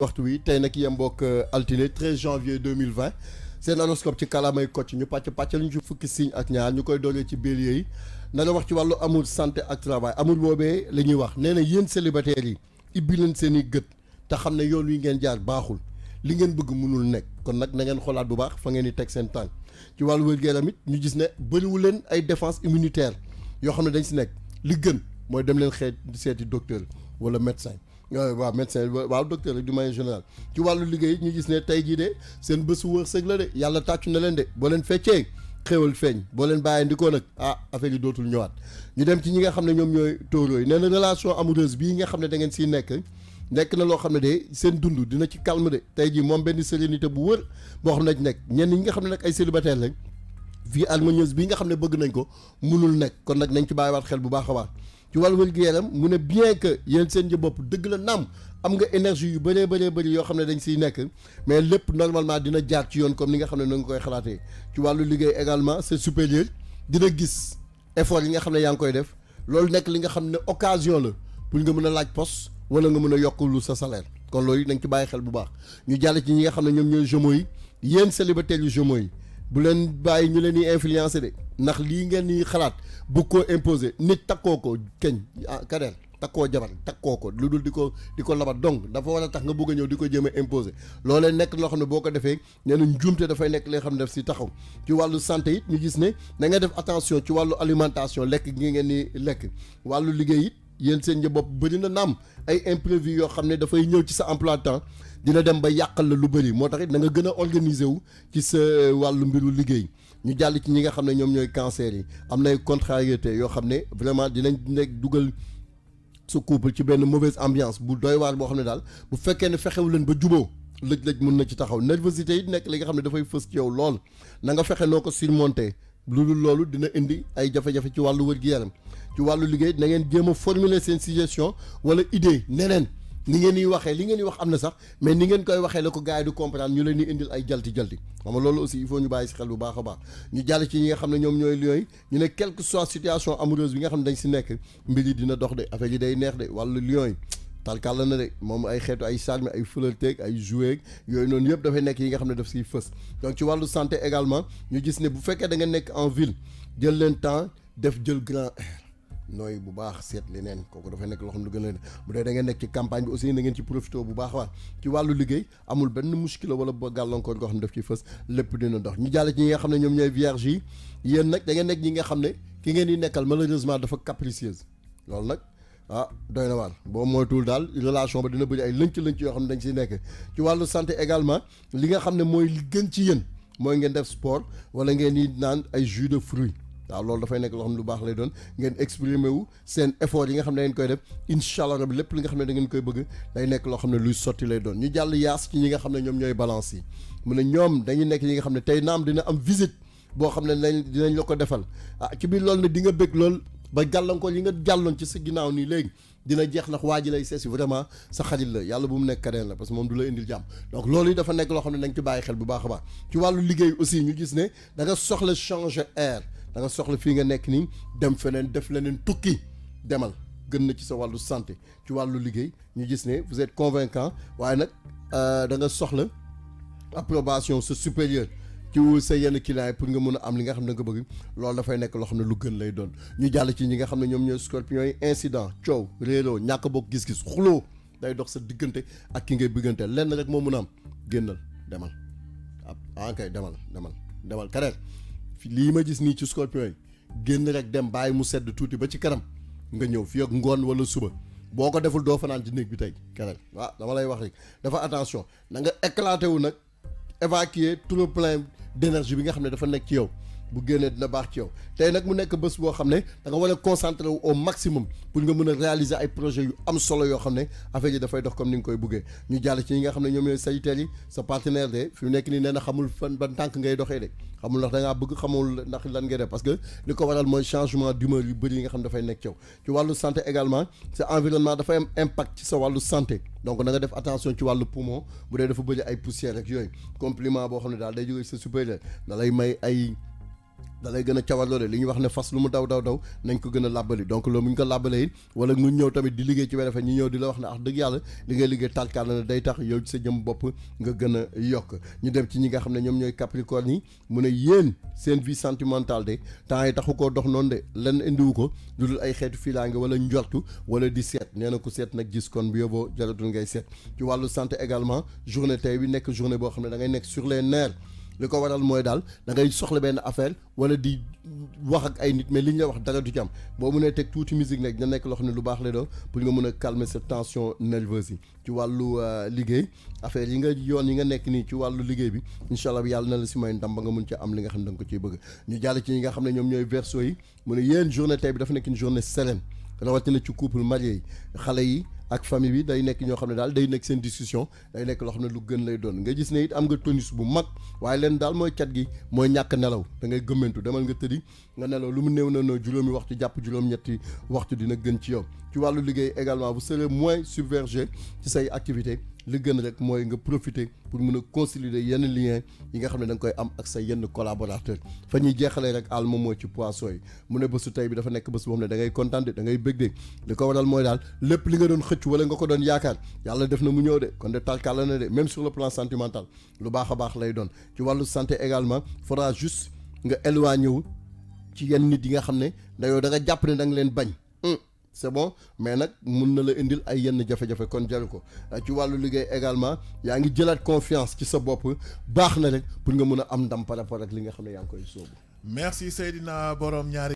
waxtu wi tey nag yembook euh, altine 13 janvier 2020 seen horoscope ci kàllaamay Kocc ñu pàcc pàccal ñu ci fukki signe ak ñaar ñu koy doole ci bélier yi nana wax ci wàllu amul sante ak travail amul boobee la ñuy wax nee na yéen célibataires yi ibbi leen seen i gët te xam ne yoon yi ngeen jaar baaxul li ngeen bëgg mënul nekk kon nag na xoolaat bu baax fa ngeen di teg seen tànk ci wàllu wér gu it ñu gis ne bëriwu leen ay défense immunitaire yoo xam ne dañ si nekk li gën mooy dem leen xeet seeti docteur wala médecin waaw médecin waaw docteur rek du manière général ci wàllu liggéey ñu gis ne tey jii de seen wër wërsëg la de yàlla tàccu na leen de boo leen feccee xéwal feeñ boo leen bàyyee ndikoo nag ah affaire yi dootul ñëwaat ñu dem ci ñi nga xam ne ñoom ñooy tóoroo yooyu nee na relation amoureuse bii nga xam ne da ngeen siy nekk nekk na loo xam ne de seen dund dina ci calme de tey jii moom benn sérénité bu wër boo xam ne dañ nekk ñenn ñi nga xam ne nag ay célibataire lañ vie harmonieuse bii nga xam ne bëgg nañ ko munul nekk kon nag nañ ci bàyyiwaat xel bu baax a baax ci wàllu wér-gu-yaram mu ne bien que yéen seen ji bopp dëgg la naam am nga énergie yu bëree bëree bëri yoo xam ne dañ siy nekk mais lépp normalement dina jaar ci yoon comme ni nga xam ne na nga koy xalaatee ci wàllu liggéey également c'est supérieur dina gis effort yi nga xam ne yaa ngi koy def loolu nekk li nga xam ne occasion la pour nga mën a laaj poste wala nga mën a yokk lu sa salaire kon loolu nañ ci bàyyi xel bu baax ñu jàll ci ñi nga xam ne ñoom ñooy jomo yi yéen célibataires yu jomo yi bu leen bàyyi ñu leen di influencer de ndax lii ngeen di xalaat bu ko imposer nit takkoo ko keñ ah Kader takkoo jabar takkoo ko lu dul di ko di ko labat donc dafa war a tax nga bëgg ñëw di ko jéem a imposer loolee nekk loo xam ne boo ko defee nee na njuumte dafay nekk li xam ne daf si taxaw ci wàllu santé ñu gis ne da nga def attention ci wàllu alimentation lekk gi ngeen di lekk wàllu liggéey it yéen seen njaboot bëri na naam ay imprévu yoo xam ne dafay ñëw ci sa emploi temps dina dem ba yàqal la lu bëri moo tax it na nga gën a organiser wu ci sa euh, wàllu mbiru liggéey. ñu jàll ci ñi nga xam ne ñoom ñooy cancer yi am nay contrariété yoo xam ne vraiment dinañ nekk dugal su couple ci benn mauvaise ambiance bu doy waar boo xam ne daal bu fekkee ne fexewu leen ba juboo lëj-lëj mun na ci taxaw nervosité yi nekk li nga xam ne dafay fës ci yow lool nanga fexe noo ko surmonter lu dul loolu dina indi ay jafe-jafe ci wàllu wër gi yaram ci wàllu liggéey na ngeen jéem a formuler seen suggestion wala idée neneen ni ngeen di waxee li ngeen di wax am na sax mais ni ngeen koy waxee la ko gars du comprendre ñu leen di indil ay jalti jalti xam nga loolu aussi il faut ñu bàyyi si xel bu baax a baax ñu jàll ci ñi nga xam ne ñoom ñooy lions yi ñu ne quelque soit situation amoureuse bi nga xam ne dañ si nekk mbir yi dina dox de affaire yi day neex de wàllu lions yi talkalla na de moom ay xeetu ay charme ay flirteeg ay joueeg yooyu noonu yëpp dafay nekk yi nga xam ne daf siy fës donc ci wàllu santé également ñu gis ne bu fekkee da nga nekk en ville jël leen temps def jël grand nooy bu baax seet neen kooku dafay nekk loo xam ne lu gën a bu dee da nekk ci campagne bi aussi na ngeen ci profité bu baax waa ci wàllu liggéey amul benn muskila wala ba gàllankoor goo xam ne daf ci fës lépp dina dox ñu jàll ci ñi nga xam ne ñoom ñooy vierge yi yéen nag da ngeen nekk ñi nga xam ne ki ngeen di nekkal malheureusement dafa capricieuse loolu nag ah doy na waar boo moytuwul daal relation ba dina bëri ay lënc-lënc yoo xam ne dañ siy nekk ci wàllu santé également li nga xam ne mooy gën ci yéen mooy ngeen def sport wala ngeen di naan ay jus de fruits waaw loolu dafay nekk loo xam ne lu baax lay doon ngeen exprimer wu seen effort yi nga xam ne da koy def incha allah rabi lépp li nga xam ne da ngeen koy bëgg day nekk loo xam ne luy sotti lay doon ñu jàll yaas nga xam ne ñoom ñooy balance yi mu ne nekk ñi nga xam ne tey naam dina am visite boo xam ne nañ dinañ la ko defal ah ci biir loolu ne di nga bëgg lool ba gàllankoor yi nga jàlloon ci sa ginnaaw nii léegi dina jeex ndax waa ji lay seesi vraiment sa xarit la yàlla bu mu nekk keneen la parce que moom du la indil jàmm donc loolu yi dafa nekk loo xam ne nañ ci bàyyi xel bu baax a baax ci wàllu liggéey aussi ñu gis ne da soxla changer air danga soxla fii nga nekk nii dem feneen def leneen tukki demal gën na ci sa wàllu santé ci wàllu liggéey ñu gis ne vous êtes convaincant waaye nag euh, da nga soxla approbation sa supérieur ci sa yenn client yi pour nga mën a am li nga xam ne nga bëgg loolu dafay nekk loo xam ne lu gën lay doon ñu jàll ci ñi nga xam ne ñoom ñooy scorpion yi incident coow réeroo ñàkk bokk gis-gis xuloo day dox sa diggante ak ki ngay bëggante lenn rek moo mën a am génnal demal ah, ah kay demal demal demal keneen lii ma gis nii ci scorpion yi génn rek dem bàyyi mu sedd tuuti ba ci kanam nga ñëw fii ak ngoon wala suba boo ko deful doo fanaan ci néeg bi tey keneen waaw dama lay wax rek dafa attention na nga éclaté wu nag évacuer tout le plein bi nga xam ne dafa nekk ci yow bu génnee dina baax ci yow tey nag mu nekk bés boo xam ne danga war a concentré wu au maximum pour nga mën a réaliser ay projets yu am solo yoo xam ne affaire yi dafay dox comme ni nga koy buggee ñu jàll ci ñi nga xam ne ñoom ñooy sayteel yi sa partenaire de fi mu nekk nii nee na xamul fan ban tànk ngay doxee de xamul ndax da ngaa bëgg xamul ndax lan ngay def parce que li ko waral mooy changement d'humeur yu bëri yi nga xam ne dafay nekk ci yow ci wàllu santé également sa environnement am impact sa wàllu santé donc na nga def attention wàllu poumon bu dafa bëri ay poussière rek yooyu compliment boo xam ne daal day jógee sa supérieur da lay may ay da gën a cawar li ñu wax ne fas lu mu daw daw daw nañ ko gën a làbbali donc loolu bu ñu ko làbbalee it wala ñu ñëw tamit di liggéey ci werefe ñu ñëw di la wax ne ah dëgg yàlla li ngay liggéey tarkaal na day tax yow ci sa jëm bopp nga gën a yokk ñu dem ci ñi nga xam ne ñoom ñooy capricorne yi mu ne yéen seen vie sentimentale de temps yi taxu koo dox noon de lenn indiwu ko lu dul ay xeetu filaange wala njortu wala di seet nee ko seet nag gis kon bi yóbboo jaratul ngay seet ci wàllu santé également journée tey bi nekk journée boo xam ne da nekk sur les nerfs li ko waral mooy daal da ngay soxla benn affaire wala di wax ak ay nit mais li ñu la wax dara du ci am boo mënee teg tuuti musique nag nekk loo xam ne lu baax la doon pour nga mën a calmer sa tension nerveuse yi ci wàllu euh, liggéey affaire yi nga yoon yi nga nekk nii ci wàllu liggéey bi incha allah yàlla na la si may ndam ba nga mun ci am li nga xam ne da nga ko ciy bëgg ñu jàll ci nga xam ne ñoom ñooy verseau yi mu ne yéen journée tey bi dafa nekk une journée sereine rawatina ci yi ak famille bi day nekk ñoo xam ne daal day nekk seen discussion day nekk loo xam ne lu gën lay doon nga gis ne it am nga tonis bu mag waaye leen daal mooy cat gi mooy ñàkk nelaw da ngay gëmmantu demal nga tëddi nga nelaw lu mu néew na noo juróomi ci jàpp juróom-ñetti waxtu dina gën ci yow ci wàllu liggéey également bu serez moins submergé ci say activité li gën rek mooy nga profité pour mun a consolider yenn lien yi nga xam ne da koy am ak sa yenn collaborateur fa ñuy jeexalee rek àll moom mooy ci poisson yi mu ne bésu tey bi dafa nekk bés boo xam ne da ngay kontaan de da ngay bëgg de li ko waral mooy daal lépp li nga doon xëcc wala nga ko doon yaakaar yàlla def na mu ñëw de kon de tarkala na de même sur le plan sentimental lu baax a doon ci wàllu santé également faudra juste nga éloigné wu ci yenn nit yi nga xam ne dayoo da nga jàpp ne leen bañ c'est bon mais nag mun na la indil ay yenn jafe-jafe kon jaru ko euh, ci wàllu liggéey également yaa ngi jëlaat confiance ci sa bopp baax na rek pour nga mun a am ndam rapport ak li nga xam ne yaa ngi koy sóobu. merci Seydina Borom ñaari.